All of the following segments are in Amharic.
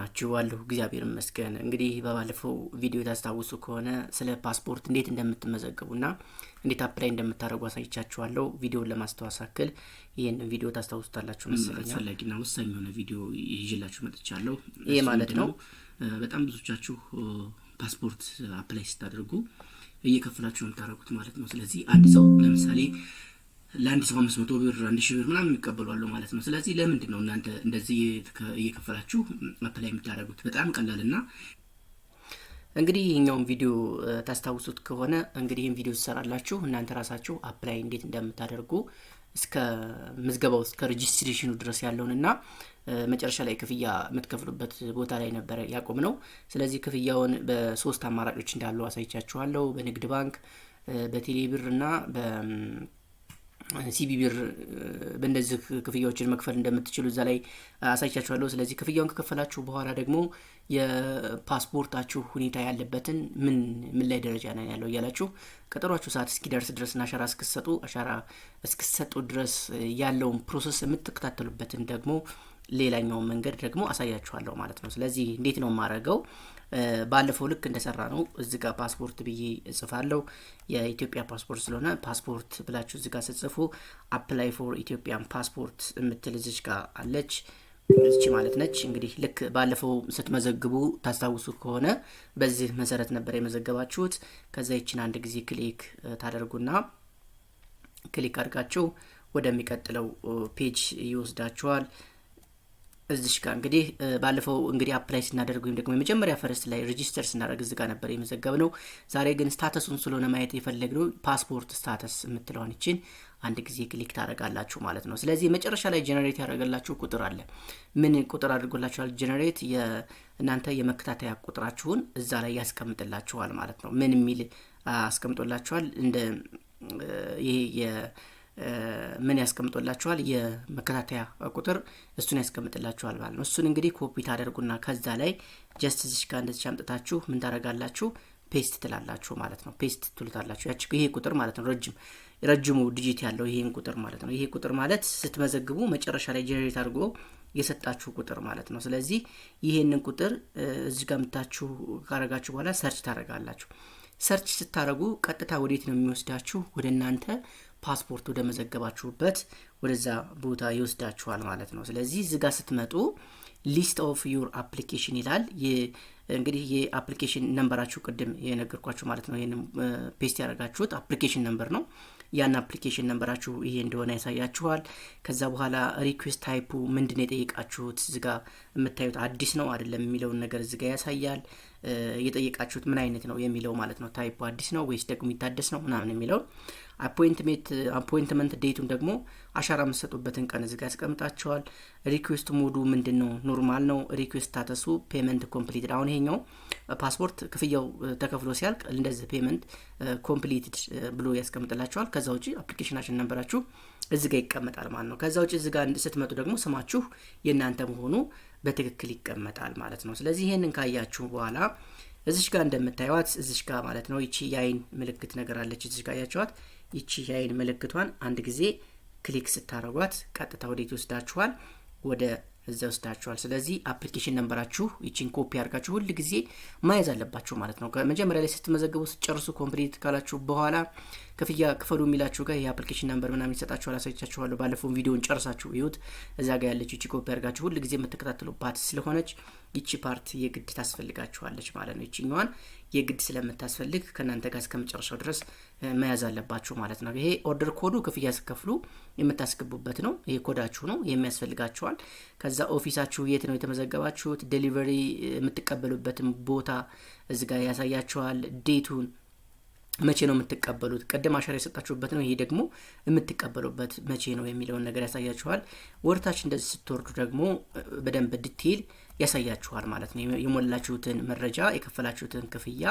ናችኋለሁ። እግዚአብሔር ይመስገን። እንግዲህ በባለፈው ቪዲዮ የታስታውሱ ከሆነ ስለ ፓስፖርት እንዴት እንደምትመዘገቡና እንዴት አፕላይ እንደምታደርጉ አሳይቻችኋለሁ። ቪዲዮን ለማስተዋሳክል ይህን ቪዲዮ ታስታውሱታላችሁ መሰለኝ። ወሳኝ የሆነ ቪዲዮ ይዤላችሁ መጥቻለሁ። ይህ ማለት ነው በጣም ብዙቻችሁ ፓስፖርት አፕላይ ስታደርጉ እየከፍላችሁ የምታደረጉት ማለት ነው። ስለዚህ አንድ ሰው ለምሳሌ ለአንድ ሰው አምስት መቶ ብር አንድ ሺህ ብር ምናምን የሚቀበሏሉ ማለት ነው። ስለዚህ ለምንድን ነው እናንተ እንደዚህ እየከፈላችሁ አፕላይ የምታደርጉት? በጣም ቀላል እና እንግዲህ ይህኛውን ቪዲዮ ታስታውሱት ከሆነ እንግዲህ ይህን ቪዲዮ ትሰራላችሁ እናንተ ራሳችሁ አፕላይ እንዴት እንደምታደርጉ እስከ ምዝገባው እስከ ሬጅስትሬሽኑ ድረስ ያለውን እና መጨረሻ ላይ ክፍያ የምትከፍሉበት ቦታ ላይ ነበረ ያቆም ነው። ስለዚህ ክፍያውን በሶስት አማራጮች እንዳለው አሳይቻችኋለሁ። በንግድ ባንክ፣ በቴሌ ብር ሲቢቢር ብር በእንደዚህ ክፍያዎችን መክፈል እንደምትችሉ እዛ ላይ አሳይቻችኋለሁ። ስለዚህ ክፍያውን ከከፈላችሁ በኋላ ደግሞ የፓስፖርታችሁ ሁኔታ ያለበትን ምን ምን ላይ ደረጃ ነው ያለው እያላችሁ ቀጠሯችሁ ሰዓት እስኪደርስ ድረስና አሻራ እስክሰጡ አሻራ እስክሰጡ ድረስ ያለውን ፕሮሰስ የምትከታተሉበትን ደግሞ ሌላኛውን መንገድ ደግሞ አሳያችኋለሁ ማለት ነው። ስለዚህ እንዴት ነው የማደርገው? ባለፈው ልክ እንደሰራ ነው። እዚ ጋር ፓስፖርት ብዬ እጽፋለሁ። የኢትዮጵያ ፓስፖርት ስለሆነ ፓስፖርት ብላችሁ እዚ ጋር ስጽፉ አፕላይ ፎር ኢትዮጵያን ፓስፖርት የምትል እዚች ጋር አለች። እዚች ማለት ነች። እንግዲህ ልክ ባለፈው ስትመዘግቡ ታስታውሱ ከሆነ በዚህ መሰረት ነበር የመዘገባችሁት። ከዛ ይችን አንድ ጊዜ ክሊክ ታደርጉና ክሊክ አድርጋችሁ ወደሚቀጥለው ፔጅ ይወስዳችኋል። እዚሽ ጋር እንግዲህ ባለፈው እንግዲህ አፕላይ ስናደርግ ወይም ደግሞ የመጀመሪያ ፈረስት ላይ ሬጂስተር ስናደርግ እዚ ጋር ነበር የመዘገብ ነው። ዛሬ ግን ስታተሱን ስለሆነ ማየት የፈለግነው ፓስፖርት ስታተስ የምትለውን ይችን አንድ ጊዜ ክሊክ ታደረጋላችሁ ማለት ነው። ስለዚህ መጨረሻ ላይ ጀነሬት ያደረገላችሁ ቁጥር አለ። ምን ቁጥር አድርጎላችኋል? ጀነሬት እናንተ የመከታተያ ቁጥራችሁን እዛ ላይ ያስቀምጥላችኋል ማለት ነው። ምን የሚል አስቀምጦላችኋል እንደ ይሄ ምን ያስቀምጦላችኋል የመከታተያ ቁጥር እሱን ያስቀምጥላችኋል ማለት ነው። እሱን እንግዲህ ኮፒ ታደርጉና ከዛ ላይ ጀስት እዚች ጋር እንደዚህ አምጥታችሁ ምን ታደርጋላችሁ? ፔስት ትላላችሁ ማለት ነው። ፔስት ትሉታላችሁ። ያች ይሄ ቁጥር ማለት ነው። ረጅም ረጅሙ ዲጂት ያለው ይሄን ቁጥር ማለት ነው። ይሄ ቁጥር ማለት ስትመዘግቡ መጨረሻ ላይ ጀነሬት አድርጎ የሰጣችሁ ቁጥር ማለት ነው። ስለዚህ ይሄንን ቁጥር እዚህ ጋር ምታችሁ ካረጋችሁ በኋላ ሰርች ታደርጋላችሁ። ሰርች ስታደርጉ ቀጥታ ወዴት ነው የሚወስዳችሁ? ወደ እናንተ ፓስፖርት ወደመዘገባችሁበት ወደዛ ቦታ ይወስዳችኋል ማለት ነው። ስለዚህ እዚህ ጋር ስትመጡ ሊስት ኦፍ ዩር አፕሊኬሽን ይላል። እንግዲህ የአፕሊኬሽን ነንበራችሁ ቅድም የነገርኳችሁ ማለት ነው። ይህን ፔስት ያደረጋችሁት አፕሊኬሽን ነንበር ነው። ያን አፕሊኬሽን ነንበራችሁ ይሄ እንደሆነ ያሳያችኋል። ከዛ በኋላ ሪኩዌስት ታይፑ ምንድን የጠየቃችሁት እዚጋ የምታዩት አዲስ ነው አይደለም የሚለውን ነገር ዝጋ ያሳያል። የጠየቃችሁት ምን አይነት ነው የሚለው ማለት ነው። ታይፑ አዲስ ነው ወይስ ደግሞ የሚታደስ ነው ምናምን የሚለውን አፖይንትመንት ዴቱን ደግሞ አሻራ የምትሰጡበትን ቀን እዚጋ ያስቀምጣቸዋል። ሪኩዌስት ሞዱ ምንድን ነው? ኖርማል ነው። ሪኩዌስት ታተሱ ፔመንት ኮምፕሊትድ። አሁን ይሄኛው ፓስፖርት ክፍያው ተከፍሎ ሲያልቅ እንደዚህ ፔመንት ኮምፕሊትድ ብሎ ያስቀምጥላቸዋል። ከዛ ውጭ አፕሊኬሽናችን ነበራችሁ እዚጋ ይቀመጣል ማለት ነው። ከዛ ውጭ እዚጋ ስትመጡ ደግሞ ስማችሁ የእናንተ መሆኑ በትክክል ይቀመጣል ማለት ነው። ስለዚህ ይህንን ካያችሁ በኋላ እዚሽ ጋር እንደምታየዋት እዚሽ ጋር ማለት ነው ይቺ የአይን ምልክት ነገር አለች። እዚሽ ጋር ያቸዋት ይቺ የአይን ምልክቷን አንድ ጊዜ ክሊክ ስታደረጓት ቀጥታ ወዴት ይወስዳችኋል? ወደ እዛ ወስዳችኋል። ስለዚህ አፕሊኬሽን ነንበራችሁ ይቺን ኮፒ አድርጋችሁ ሁል ጊዜ ማያዝ አለባችሁ ማለት ነው። ከመጀመሪያ ላይ ስትመዘግቡ ስትጨርሱ ኮምፕሊት ካላችሁ በኋላ ክፍያ ክፈሉ የሚላችሁ ጋር ይህ አፕሊኬሽን ምናምን ይሰጣችኋል። አሳይቻችኋለሁ። ባለፈውን ቪዲዮን ጨርሳችሁ ይሁት እዛ ጋር ያለች ይቺ ኮፒ አድርጋችሁ ሁል ጊዜ የምትከታተሉ ፓርት ስለሆነች ይቺ ፓርት የግድ ታስፈልጋችኋለች ማለት ነው። ይችኛዋን የግድ ስለምታስፈልግ ከእናንተ ጋር እስከመጨረሻው ድረስ መያዝ አለባችሁ ማለት ነው። ይሄ ኦርደር ኮዱ ክፍያ ስከፍሉ የምታስገቡበት ነው። ይሄ ኮዳችሁ ነው የሚያስፈልጋችኋል። ከዛ ኦፊሳችሁ የት ነው የተመዘገባችሁት፣ ዴሊቨሪ የምትቀበሉበትን ቦታ እዚጋ ያሳያችኋል። ዴቱን መቼ ነው የምትቀበሉት? ቅድም አሻራ የሰጣችሁበት ነው። ይሄ ደግሞ የምትቀበሉበት መቼ ነው የሚለውን ነገር ያሳያችኋል። ወርታች እንደዚህ ስትወርዱ ደግሞ በደንብ ዲቴይል ያሳያችኋል ማለት ነው። የሞላችሁትን መረጃ የከፈላችሁትን ክፍያ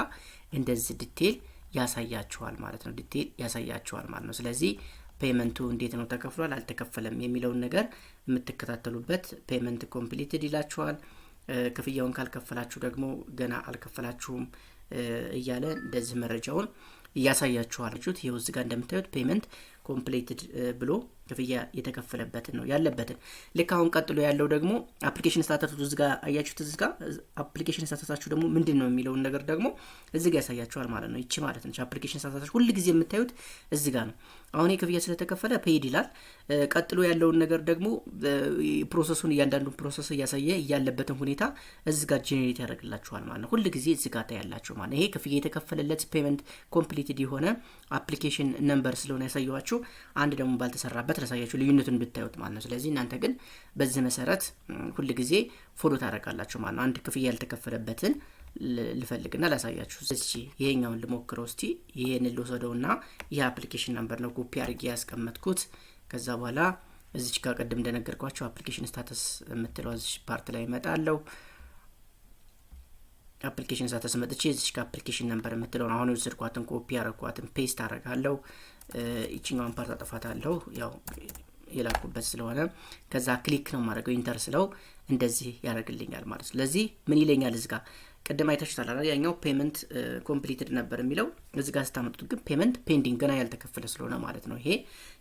እንደዚህ ዲቴይል ያሳያችኋል ማለት ነው። ዲቴይል ያሳያችኋል ማለት ነው። ስለዚህ ፔመንቱ እንዴት ነው ተከፍሏል፣ አልተከፈለም የሚለውን ነገር የምትከታተሉበት ፔመንት ኮምፕሊትድ ይላችኋል። ክፍያውን ካልከፈላችሁ ደግሞ ገና አልከፈላችሁም እያለ እንደዚህ መረጃውን እያሳያችኋል። ይኸው እዚህ ጋር እንደምታዩት ፔመንት ኮምፕሌትድ eh, ብሎ ክፍያ የተከፈለበትን ነው ያለበትን ልክ አሁን ቀጥሎ ያለው ደግሞ አፕሊኬሽን ስታተርቱ እዚ ጋር አያችሁት እዚ አፕሊኬሽን ስታተርሳችሁ ደግሞ ምንድን ነው የሚለውን ነገር ደግሞ እዚ ጋ ያሳያችኋል ማለት ነው ይቺ ማለት ነች አፕሊኬሽን ስታተርሳችሁ ሁል ጊዜ የምታዩት እዚ ጋ ነው አሁን ክፍያ ስለተከፈለ ፔይድ ይላል ቀጥሎ ያለውን ነገር ደግሞ ፕሮሰሱን እያንዳንዱን ፕሮሰስ እያሳየ ያለበትን ሁኔታ እዚ ጋ ጄኔሬት ያደርግላችኋል ማለት ነው ሁል ጊዜ እዚ ጋ ታያላችሁ ማለት ይሄ ክፍያ የተከፈለለት ፔመንት ኮምፕሊትድ የሆነ አፕሊኬሽን ነምበር ስለሆነ ያሳየዋችሁ አንድ ደግሞ ባልተሰራበት ላሳያችሁ ልዩነቱን ብታዩት ማለት ነው። ስለዚህ እናንተ ግን በዚህ መሰረት ሁል ጊዜ ፎሎ ታደርጋላችሁ ማለት ነው። አንድ ክፍያ ያልተከፈለበትን ልፈልግና ላሳያችሁ። እስኪ ይሄኛውን ልሞክረው። እስቲ ይሄንን ልውሰደውና ይህ አፕሊኬሽን ነምበር ነው ኮፒ አድርጌ ያስቀመጥኩት። ከዛ በኋላ እዚች ጋር ቅድም እንደነገርኳቸው አፕሊኬሽን ስታተስ የምትለው እዚች ፓርት ላይ ይመጣለው አፕሊኬሽን ሳተስ መጥቼ እዚች ከአፕሊኬሽን ነበር የምትለውን አሁን የወሰድኳትን ኮፒ ያረኳትን ፔስት አረጋለሁ። ይችኛውን ፓርት አጠፋታለሁ ያው የላኩበት ስለሆነ ከዛ ክሊክ ነው ማድረገው ኢንተር ስለው እንደዚህ ያደርግልኛል ማለት ስለዚህ ምን ይለኛል ጋ ቅድም አይታችሁታል ያኛው ፔመንት ኮምፕሊትድ ነበር የሚለው ጋ ስታመጡት ግን ፔመንት ፔንዲንግ ገና ያልተከፈለ ስለሆነ ማለት ነው። ይሄ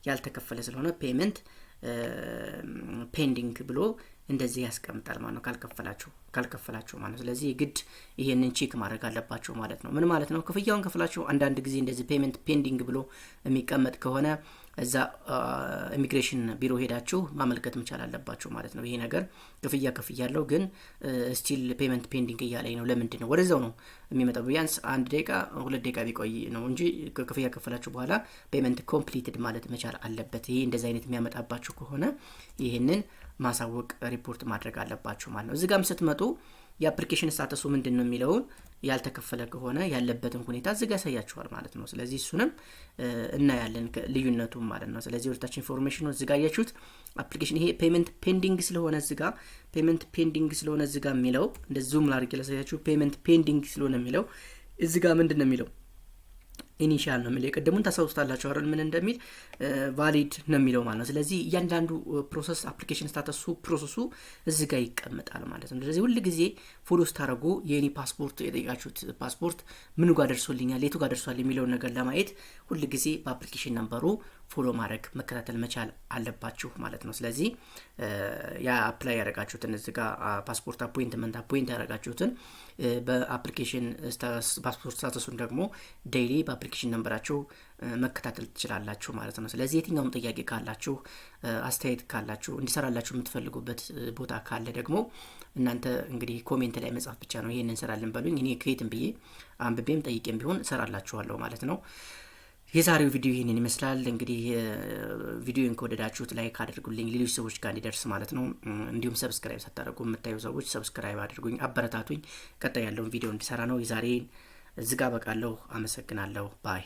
ያልተከፈለ ስለሆነ ፔመንት ፔንዲንግ ብሎ እንደዚህ ያስቀምጣል ማለት ነው፣ ካልከፈላችሁ ካልከፈላችሁ ማለት ነው። ስለዚህ ግድ ይሄንን ቼክ ማድረግ አለባችሁ ማለት ነው። ምን ማለት ነው? ክፍያውን ከፍላችሁ አንዳንድ ጊዜ እንደዚህ ፔመንት ፔንዲንግ ብሎ የሚቀመጥ ከሆነ እዛ ኢሚግሬሽን ቢሮ ሄዳችሁ ማመልከት መቻል አለባችሁ ማለት ነው። ይሄ ነገር ክፍያ ክፍያ ያለው ግን ስቲል ፔመንት ፔንዲንግ እያለኝ ነው። ለምንድን ነው ወደዛው ነው የሚመጣው? ቢያንስ አንድ ደቂቃ ሁለት ደቂቃ ቢቆይ ነው እንጂ ክፍያ ከፈላችሁ በኋላ ፔመንት ኮምፕሊትድ ማለት መቻል አለበት። ይሄ እንደዚ አይነት የሚያመጣባችሁ ከሆነ ይህንን ማሳወቅ ሪፖርት ማድረግ አለባችሁ ማለት ነው። እዚህ ጋም ስትመጡ የአፕሊኬሽን ስታተሱ ምንድን ነው የሚለውን ያልተከፈለ ከሆነ ያለበትን ሁኔታ እዚጋ ያሳያችኋል ማለት ነው። ስለዚህ እሱንም እናያለን ልዩነቱ ማለት ነው። ስለዚህ ወደታች ኢንፎርሜሽኑ እዚጋ ጋ አፕሊኬሽን ይሄ ፔመንት ፔንዲንግ ስለሆነ እዚጋ ፔመንት ፔንዲንግ ስለሆነ እዚጋ የሚለው እንደ ዙም ላድርጌ ላሳያችሁ። ፔመንት ፔንዲንግ ስለሆነ የሚለው እዚጋ ምንድን ነው የሚለው ኢኒሻል ነው የሚለው የቀደሙን ታስታውሱታላችሁ አይደል ምን እንደሚል ቫሊድ ነው የሚለው ማለት ነው ስለዚህ እያንዳንዱ ፕሮሰስ አፕሊኬሽን ስታተሱ ፕሮሰሱ እዚ ጋር ይቀመጣል ማለት ነው ስለዚህ ሁል ጊዜ ፎሎ ስታደረጉ የኔ ፓስፖርት የጠቃችሁት ፓስፖርት ምን ጋር ደርሶልኛል የቱ ጋር ደርሷል የሚለውን ነገር ለማየት ሁል ጊዜ በአፕሊኬሽን ነንበሩ ፎሎ ማድረግ መከታተል መቻል አለባችሁ ማለት ነው። ስለዚህ የአፕላይ ያደረጋችሁትን እዚ ጋ ፓስፖርት አፖይንትመንት አፖይንት ያደረጋችሁትን በአፕሊኬሽን ፓስፖርት ስታተሱን ደግሞ ዴይሊ በአፕሊኬሽን ነንበራችሁ መከታተል ትችላላችሁ ማለት ነው። ስለዚህ የትኛውም ጥያቄ ካላችሁ፣ አስተያየት ካላችሁ፣ እንዲሰራላችሁ የምትፈልጉበት ቦታ ካለ ደግሞ እናንተ እንግዲህ ኮሜንት ላይ መጻፍ ብቻ ነው። ይህን እንሰራለን በሉኝ። እኔ ከየትም ብዬ አንብቤም ጠይቄም ቢሆን እሰራላችኋለሁ ማለት ነው። የዛሬው ቪዲዮ ይህንን ይመስላል። እንግዲህ ቪዲዮን ከወደዳችሁት ላይክ አድርጉልኝ፣ ሌሎች ሰዎች ጋር እንዲደርስ ማለት ነው። እንዲሁም ሰብስክራይብ ሳታደርጉ የምታዩ ሰዎች ሰብስክራይብ አድርጉኝ፣ አበረታቱኝ። ቀጣይ ያለውን ቪዲዮ እንዲሰራ ነው። የዛሬን እዚህ ጋር በቃለሁ። አመሰግናለሁ ባይ